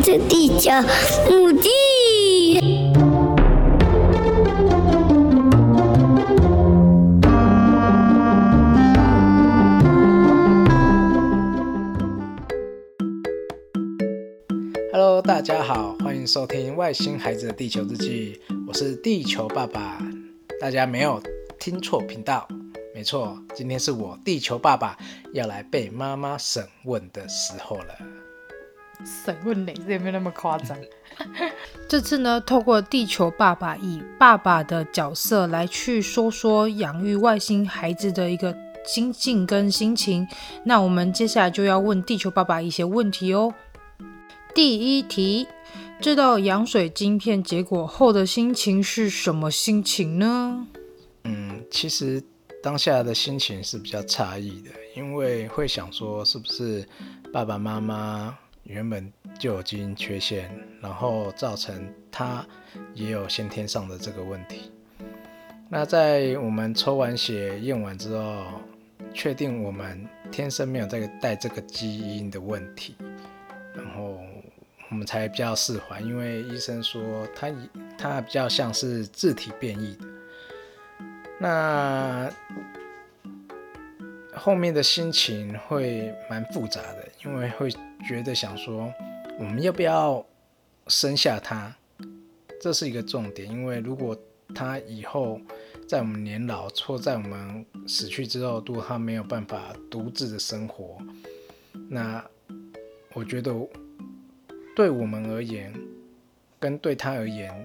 這地球，母地。Hello，大家好，歡迎收聽《外星孩子的地球日記》，我是地球爸爸。大家沒有聽錯頻道，沒錯，今天是我地球爸爸要來被媽媽審問的時候了。審問嘞，這也沒那麼誇張。 這次呢，透過地球爸爸以爸爸的角色來去說說養育外星孩子的一個心境跟心情。那我們接下來就要問地球爸爸一些問題哦。第一題，知道羊水晶片結果後的心情是什麼心情呢？嗯，其實當下的心情是比較詫異的，因為會想說是不是爸爸媽媽。原本就有基因缺陷，然後造成他也有先天上的這個問題。那在我們抽完血驗完之後，確定我們天生沒有帶帶這個基因的問題，然後我們才比較釋懷，因為醫生說他他比較像是自體變異的。那。後面的心情會蠻複雜的，因為會覺得想說我們要不要生下他，這是一個重點。因為如果他以後在我們年老、錯在我們死去之後，都他沒有辦法獨自的生活，那我覺得對我們而言，跟對他而言，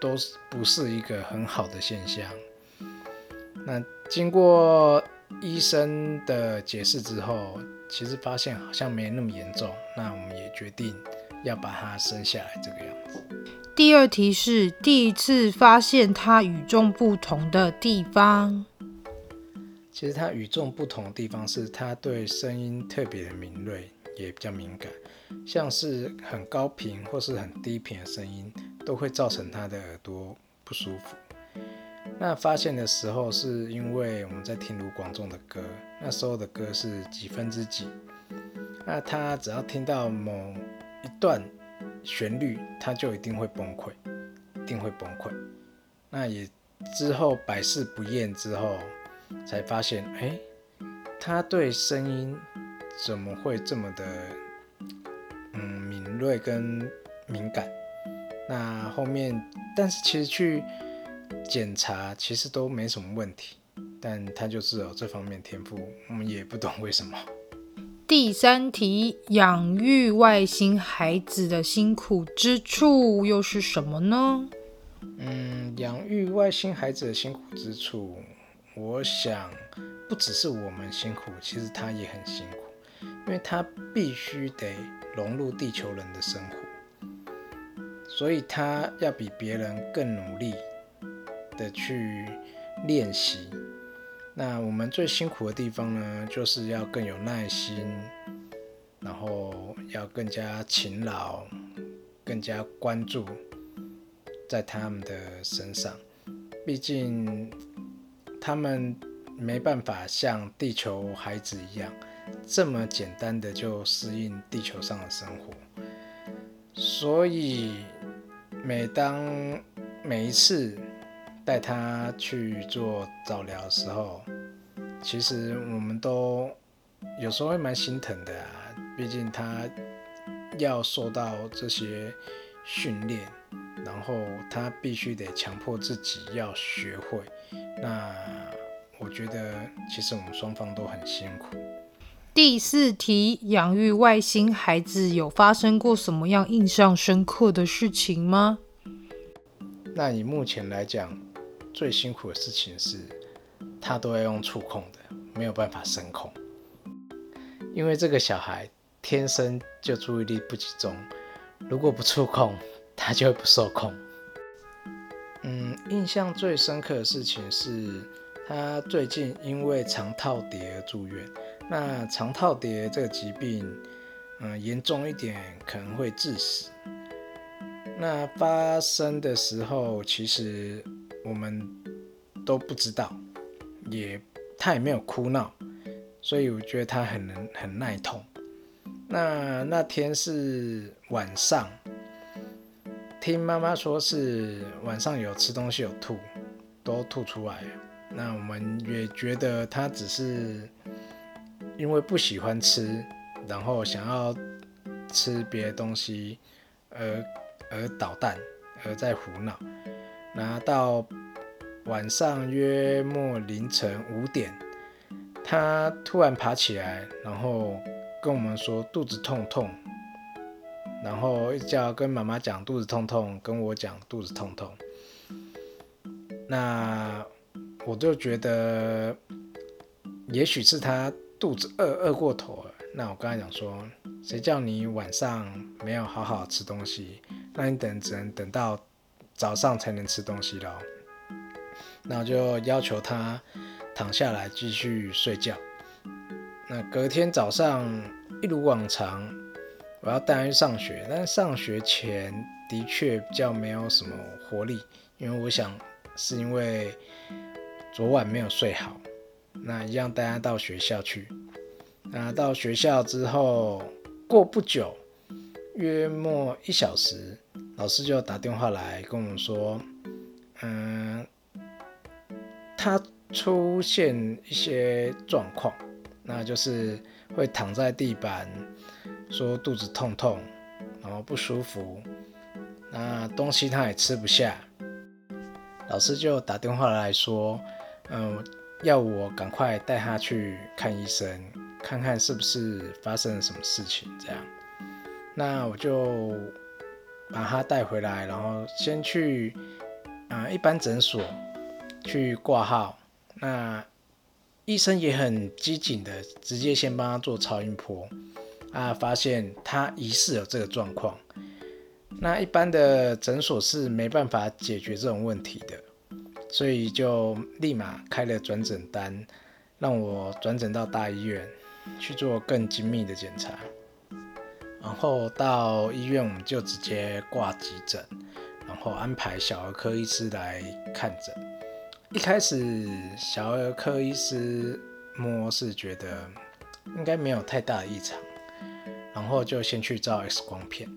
都不是一個很好的現象。那經過。醫生的解釋之後，其實發現好像沒那麼嚴重，那我們也決定要把它生下來這個樣子。第二題是第一次發現他與眾不同的地方。其實他與眾不同的地方是，他對聲音特別的敏銳，也比較敏感，像是很高頻或是很低頻的聲音，都會造成他的耳朵不舒服。那發現的時候，是因為我們在聽盧廣仲的歌，那時候的歌是幾分之幾？那他只要聽到某一段旋律，他就一定會崩潰，一定會崩潰。那也之後百試不厭之後，才發現，誒、欸，他對聲音怎麼會這麼的，嗯，敏銳跟敏感？那後面，但是其實去。檢查其實都沒什麼問題，但他就是有這方面天賦，我們也不懂為什麼。第三題，養育外星孩子的辛苦之處又是什麼呢？嗯，養育外星孩子的辛苦之處，我想不只是我們辛苦，其實他也很辛苦，因為他必須得融入地球人的生活，所以他要比別人更努力。的去練習。那我們最辛苦的地方呢，就是要更有耐心，然後要更加勤勞，更加關注在他們的身上。畢竟他們沒辦法像地球孩子一樣，這麼簡單的就適應地球上的生活。所以每當每一次，帶他去做早療的時候，其實我們都有時候會蠻心疼的啊。畢竟他要受到這些訓練，然後他必須得強迫自己要學會。那我覺得，其實我們雙方都很辛苦。第四題：養育外星孩子有發生過什麼樣印象深刻的事情嗎？那以目前來講，最辛苦的事情是，他都要用觸控的，沒有辦法聲控，因為這個小孩天生就注意力不集中，如果不觸控，他就會不受控。嗯，印象最深刻的事情是，他最近因為腸套疊住院。那腸套疊這個疾病，嗯，嚴重一點可能會致死。那發生的時候，其實，我們都不知道，也他也沒有哭鬧，所以我覺得他很能很耐痛。那那天是晚上，聽媽媽說是晚上有吃東西有吐，都吐出來。那我們也覺得他只是因為不喜歡吃，然後想要吃別的東西而而搗蛋，而在胡鬧。然後到晚上約莫凌晨五點，他突然爬起來，然後跟我們說肚子痛痛，然後一叫跟媽媽講肚子痛痛，跟我講肚子痛痛。那我就覺得，也許是他肚子餓餓過頭了。那我剛才講說，誰叫你晚上沒有好好吃東西，那你等只能等到。早上才能吃東西了，那我就要求他躺下來繼續睡覺。那隔天早上一如往常，我要帶他去上學，但上學前的確比較沒有什麼活力，因為我想是因為昨晚沒有睡好。那一樣帶他到學校去。那到學校之後，過不久，約莫一小時。老師就打電話來跟我們說，嗯，他出現一些狀況，那就是會躺在地板，說肚子痛痛，然後不舒服，那東西他也吃不下。老師就打電話來說，嗯，要我趕快帶他去看醫生，看看是不是發生了什麼事情，這樣。那我就。把他帶回來，然後先去啊、呃、一般診所去掛號。那醫生也很機警的，直接先幫他做超音波啊，發現他疑似有這個狀況。那一般的診所是沒辦法解決這種問題的，所以就立馬開了轉診單，讓我轉診到大醫院去做更精密的檢查。然後到醫院，我們就直接掛急診，然後安排小兒科醫師來看診。一開始小兒科醫師摸是覺得應該沒有太大的異常，然後就先去照 X 光片。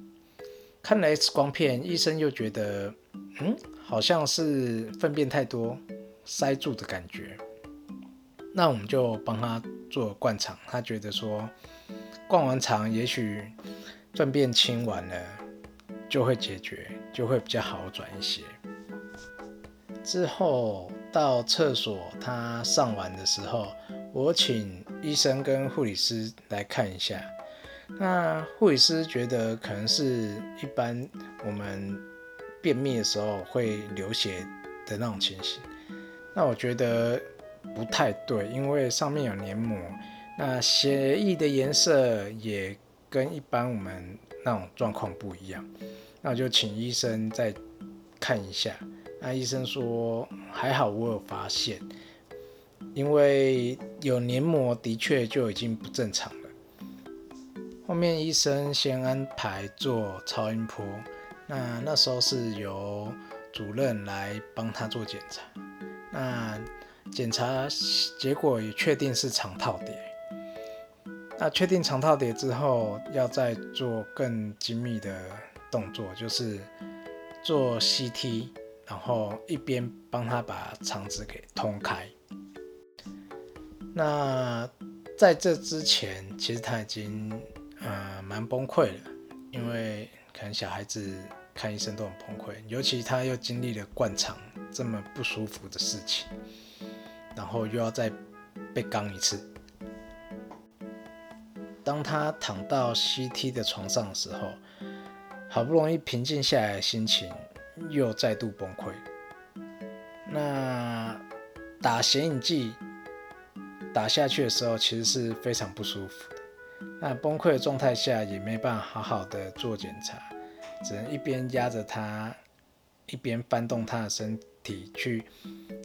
看了 X 光片，醫生又覺得嗯，好像是糞便太多塞住的感覺，那我們就幫他做灌腸。他覺得說。灌完腸，也許糞便清完了就會解決，就會比較好轉一些。之後到廁所他上完的時候，我請醫生跟護理師來看一下。那護理師覺得可能是一般我們便秘的時候會流血的那種情形。那我覺得不太對，因為上面有黏膜。那血液的顏色也跟一般我們那種狀況不一樣，那我就請醫生再看一下。那醫生說還好我有發現，因為有黏膜的確就已經不正常了。後面醫生先安排做超音波，那那時候是由主任來幫他做檢查。那檢查結果也確定是腸套疊。那確定腸套疊之後，要再做更精密的動作，就是做 CT，然後一邊幫他把腸子給通開。那在這之前，其實他已經嗯、呃、蠻崩潰了，因為可能小孩子看醫生都很崩潰，尤其他又經歷了灌腸這麼不舒服的事情，然後又要再被剛一次。當他躺到 CT 的床上的時候，好不容易平靜下來的心情又再度崩潰。那打顯影劑打下去的時候，其實是非常不舒服的。那崩潰的狀態下也沒辦法好好的做檢查，只能一邊壓着他，一邊翻動他的身體去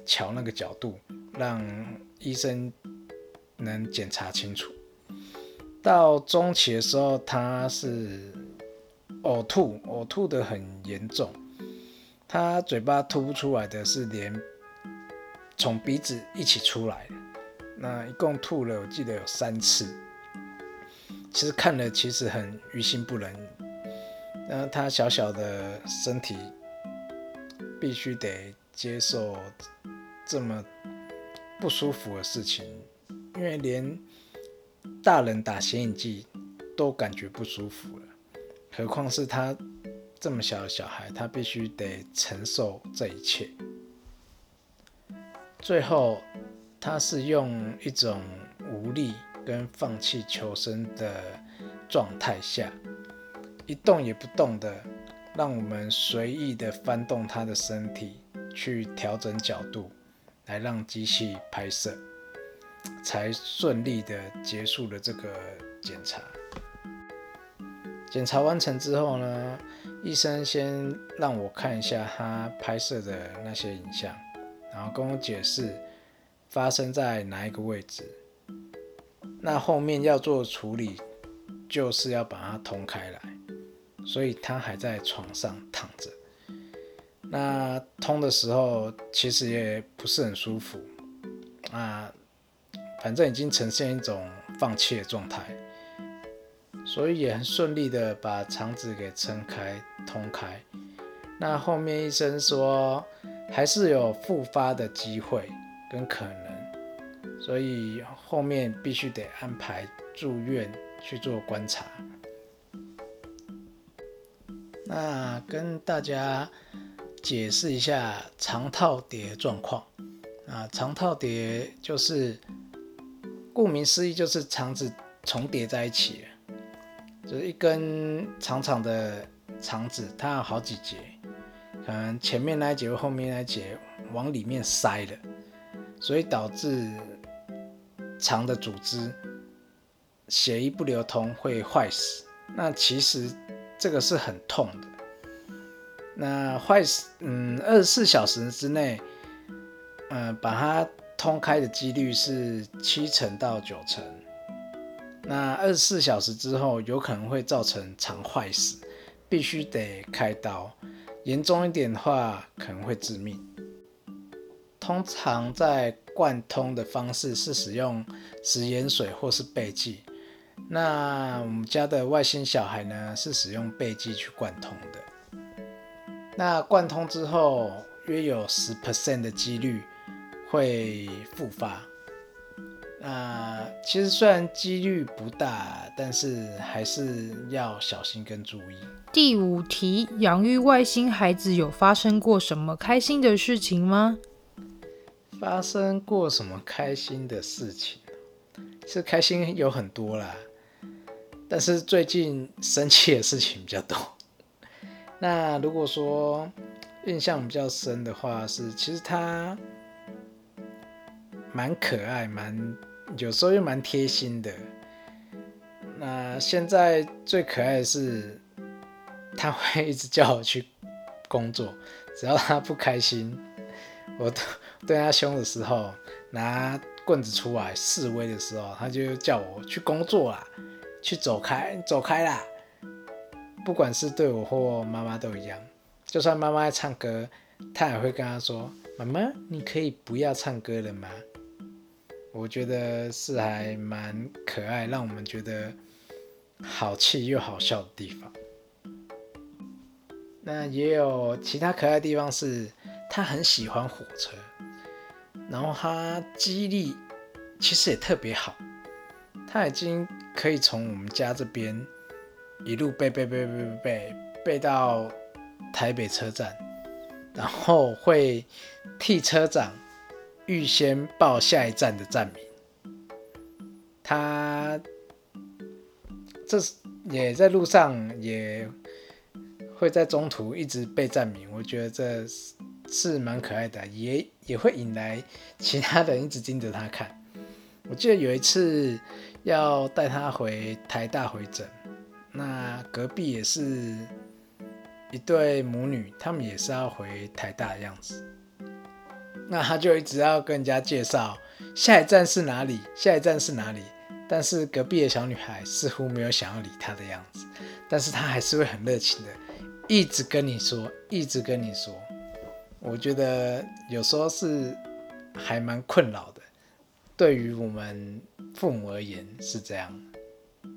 瞧那個角度，讓醫生能檢查清楚。到中期的時候，他是嘔吐，嘔吐得很嚴重，他嘴巴吐不出來的是連從鼻子一起出來的，那一共吐了，我記得有三次。其實看了，其實很於心不忍。那他小小的身體必須得接受這麼不舒服的事情，因為連。大人打顯影劑都感覺不舒服了，何況是他這麼小的小孩，他必須得承受這一切。最後，他是用一種無力跟放棄求生的狀態下，一動也不動的，讓我們隨意的翻動他的身體，去調整角度，來讓機器拍攝。才順利的結束了這個檢查。檢查完成之後呢，醫生先讓我看一下他拍攝的那些影像，然後跟我解釋發生在哪一個位置。那後面要做處理，就是要把它通開來，所以他還在床上躺着。那通的時候其實也不是很舒服啊。反正已經呈現一種放棄的狀態，所以也很順利的把腸子給撐開通開。那後面醫生說還是有復發的機會跟可能，所以後面必須得安排住院去做觀察。那跟大家解釋一下腸套疊的狀況啊，腸套疊就是。顧名思義，就是腸子重疊在一起了，就是一根長長的腸子，它有好幾節，可能前面那一節或後面那一節往裡面塞了，所以導致腸的組織血液不流通，會壞死。那其實這個是很痛的。那壞死，嗯，二十四小時之內，嗯，把它。通開的幾率是七成到九成，那二十四小時之後有可能會造成腸壞死，必須得開刀，嚴重一點的話可能會致命。通常在貫通的方式是使用食鹽水或是鋇劑，那我們家的外星小孩呢，是使用鋇劑去貫通的。那貫通之後約有十 percent 的幾率。會復發，那、呃、其實雖然幾率不大，但是還是要小心跟注意。第五題，養育外星孩子有發生過什麼開心的事情嗎？發生過什麼開心的事情？是開心有很多啦，但是最近生氣的事情比較多。那如果說印象比較深的話是，是其實他。蠻可愛，蠻有時候又蠻貼心的。那現在最可愛的是，他會一直叫我去工作。只要他不開心，我對他兇的時候，拿棍子出來示威的時候，他就叫我去工作啦，去走開，走開啦。不管是對我或媽媽都一樣。就算媽媽在唱歌，他也會跟他說：“媽媽，你可以不要唱歌了嗎？”我覺得是還蠻可愛，讓我們覺得好氣又好笑的地方。那也有其他可愛的地方，是他很喜歡火車，然後他記憶力其實也特別好，他已經可以從我們家這邊一路背背背背背背到台北車站，然後會替車長。預先報下一站的站名，他這是也在路上，也會在中途一直背站名。我覺得這是蠻可愛的，也也會引來其他人一直盯着他看。我記得有一次要帶他回台大回診，那隔壁也是一對母女，他們也是要回台大的樣子。那他就一直要跟人家介紹下一站是哪裡，下一站是哪裡。但是隔壁的小女孩似乎沒有想要理他的樣子，但是他還是會很熱情的，一直跟你說，一直跟你說。我覺得有時候是還蠻困擾的，對於我們父母而言是這樣的。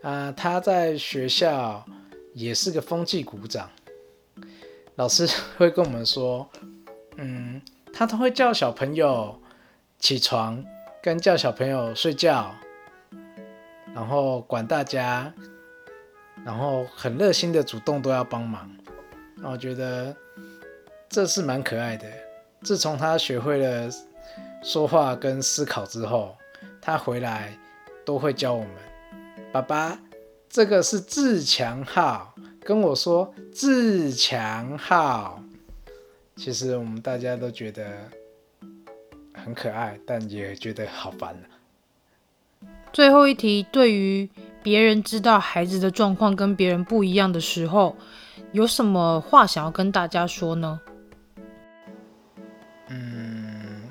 啊、呃，他在學校也是個風紀股長，老師會跟我們說。嗯，他都會叫小朋友起床，跟叫小朋友睡覺，然後管大家，然後很熱心的主動都要幫忙，那我覺得這是蠻可愛的。自從他學會了說話跟思考之後，他回來都會教我們，爸爸，這個是自強號，跟我說自強號。其實我們大家都覺得很可愛，但也覺得好煩啊。最後一題，對於別人知道孩子的狀況跟別人不一樣的時候，有什麼話想要跟大家說呢？嗯，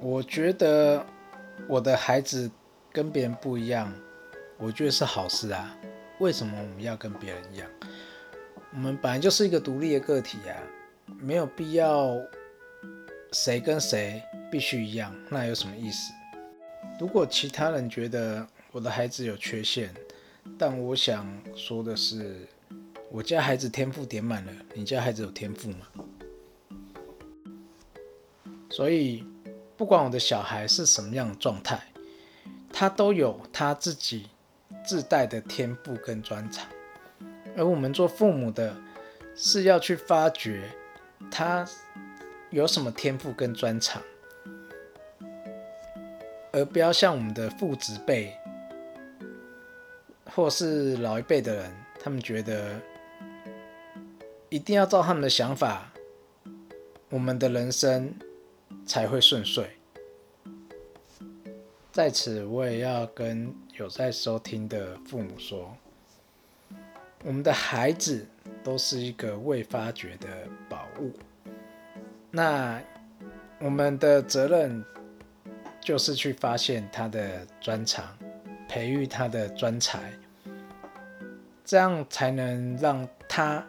我覺得我的孩子跟別人不一樣，我覺得是好事啊。為什麼我們要跟別人一樣？我們本來就是一個獨立的個體啊，沒有必要誰跟誰必須一樣，那有什麼意思？如果其他人覺得我的孩子有缺陷，但我想說的是，我家孩子天賦點滿了，你家孩子有天賦嗎？所以，不管我的小孩是什麼樣的狀態，他都有他自己自帶的天賦跟專長。而我們做父母的，是要去發掘他有什麼天賦跟專長，而不要像我們的父執輩或是老一輩的人，他們覺得一定要照他們的想法，我們的人生才會順遂。在此，我也要跟有在收聽的父母說。我們的孩子都是一個未發掘的寶物，那我們的責任就是去發現他的專長，培育他的專才，這樣才能讓他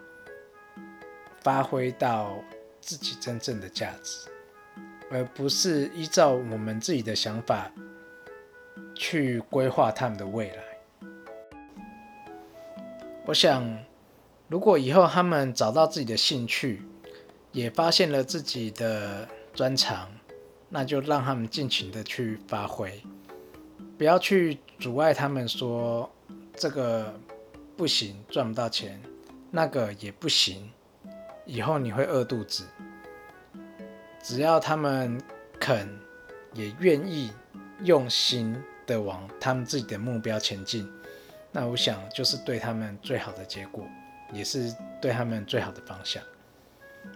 發揮到自己真正的價值，而不是依照我們自己的想法去規劃他們的未來。我想，如果以後他們找到自己的興趣，也發現了自己的專長，那就讓他們盡情的去發揮，不要去阻礙他們說，說這個不行，賺不到錢；那個也不行，以後你會餓肚子。只要他們肯，也願意用心的往他們自己的目標前進。那我想就是對他們最好的結果，也是對他們最好的方向。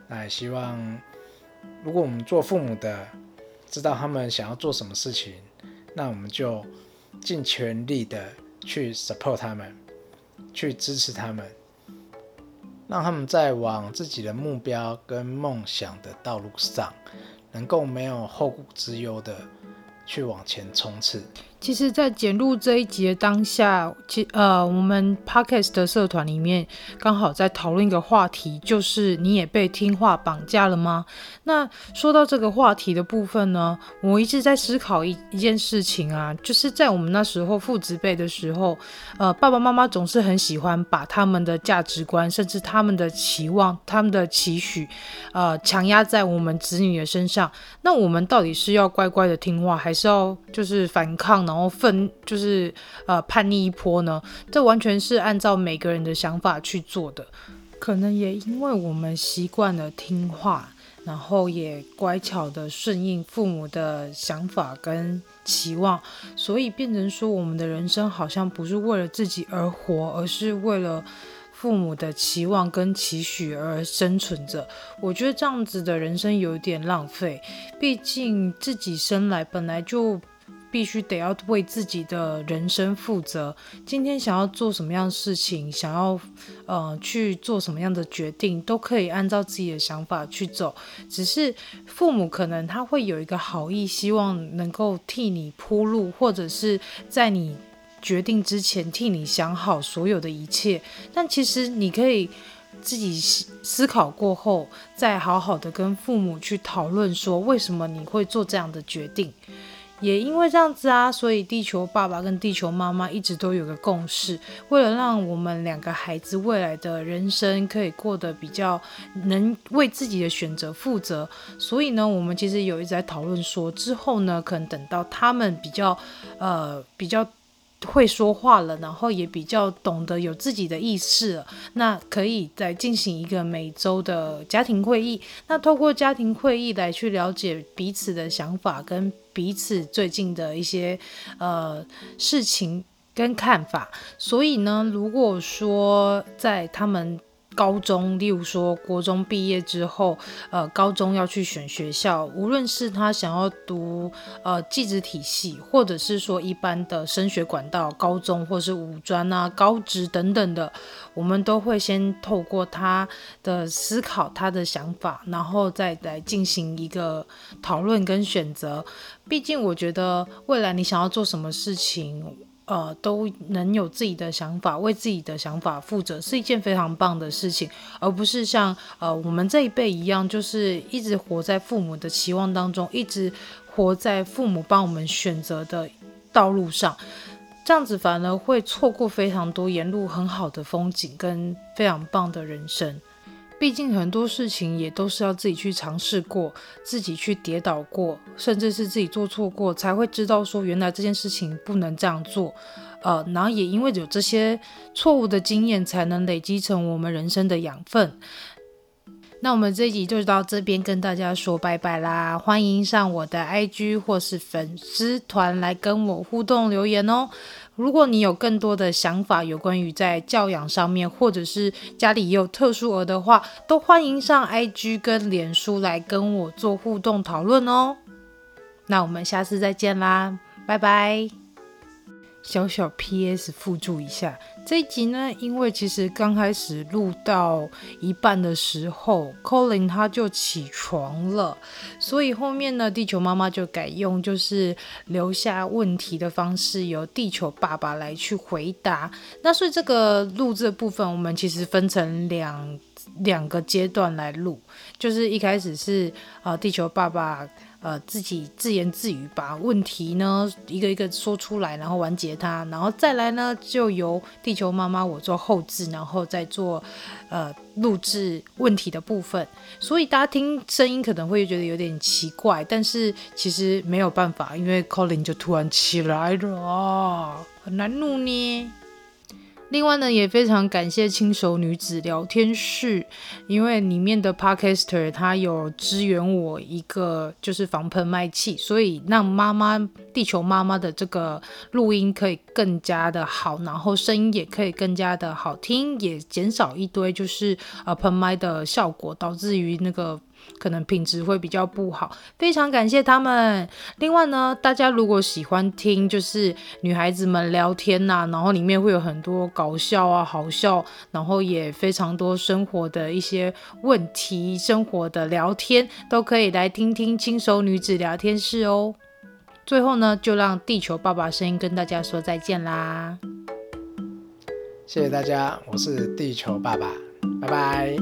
那也希望如果我們做父母的知道他們想要做什麼事情，那我們就盡全力的去 support 他們，去支持他們，讓他們在往自己的目標跟夢想的道路上，能夠沒有後顧之憂的去往前衝刺。其實，在剪錄這一集的當下，其、呃，我們 podcast 的社團裡面剛好在討論一個話題，就是你也被聽話綁架了嗎？那說到這個話題的部分呢，我一直在思考一一件事情啊，就是在我們那時候父子輩的時候，呃，爸爸媽媽總是很喜歡把他們的價值觀，甚至他們的期望、他們的期許，呃，強壓在我們子女的身上。那我們到底是要乖乖的聽話，還是要就是反抗呢？然後分就是呃叛逆一波呢，這完全是按照每個人的想法去做的，可能也因為我們習慣了聽話，然後也乖巧地順應父母的想法跟期望，所以變成說我們的人生好像不是為了自己而活，而是為了父母的期望跟期許而生存着。我覺得這樣子的人生有點浪費，畢竟自己生來本來就。必須得要為自己的人生負責。今天想要做什麼樣的事情，想要呃去做什麼樣的決定，都可以按照自己的想法去走。只是父母可能他會有一個好意，希望能夠替你鋪路，或者是在你決定之前替你想好所有的一切。但其實你可以自己思考過後，再好好的跟父母去討論說為什麼你會做這樣的決定。也因為這樣子啊，所以地球爸爸跟地球媽媽一直都有個共識，為了讓我們兩個孩子未來的人生可以過得比較能為自己的選擇負責，所以呢，我們其實有一直在討論說，之後呢，可能等到他們比較呃比較會說話了，然後也比較懂得有自己的意識，那可以再進行一個每週的家庭會議，那透過家庭會議來去了解彼此的想法跟彼此最近的一些呃事情跟看法，所以呢，如果說在他們高中，例如說，國中畢業之後，呃，高中要去選學校，無論是他想要讀呃技職體系，或者是說一般的升學管道，高中或是五專啊、高職等等的，我們都會先透過他的思考、他的想法，然後再來進行一個討論跟選擇。畢竟，我覺得未來你想要做什麼事情。呃，都能有自己的想法，為自己的想法負責，是一件非常棒的事情，而不是像呃我們這一輩一樣，就是一直活在父母的期望當中，一直活在父母幫我們選擇的道路上，這樣子反而會錯過非常多沿路很好的風景跟非常棒的人生。畢竟很多事情也都是要自己去嘗試過，自己去跌倒過，甚至是自己做錯過，才會知道說原來這件事情不能這樣做，呃，然後也因為有這些錯誤的經驗，才能累積成我們人生的養分。那我們這一集就到這邊跟大家說拜拜啦，歡迎上我的 IG 或是粉絲團來跟我互動留言哦。如果你有更多的想法，有關於在教養上面，或者是家裡也有特殊兒的話，都歡迎上 IG 跟臉書來跟我做互動討論哦。那我們下次再見啦，拜拜。小小 PS 附註一下，這一集呢，因為其實剛開始錄到一半的時候，Colin 他就起床了，所以後面呢，地球媽媽就改用就是留下問題的方式，由地球爸爸來去回答。那所以這個錄製的部分，我們其實分成兩兩個階段來錄，就是一開始是啊、呃，地球爸爸。呃，自己自言自語，把問題呢一個一個說出來，然後完結它，然後再來呢就由地球媽媽我做後製，然後再做呃錄製問題的部分。所以大家聽聲音可能會覺得有點奇怪，但是其實沒有辦法，因為 Colin 就突然起來了啊，很難弄呢。另外呢，也非常感謝輕熟女子聊天室，因為裡面的 Podcaster 他有支援我一個就是防噴麥器，所以讓媽媽、地球媽媽的這個錄音可以更加的好，然後聲音也可以更加的好聽，也減少一堆就是呃噴麥的效果，導致於那個。可能品質會比較不好，非常感謝他們。另外呢，大家如果喜歡聽就是女孩子們聊天吶、啊，然後裡面會有很多搞笑啊、好笑，然後也非常多生活的一些問題、生活的聊天，都可以來聽聽《輕熟女子聊天室喔》哦。最後呢，就讓地球爸爸聲音跟大家說再見啦。謝謝大家，我是地球爸爸，拜拜。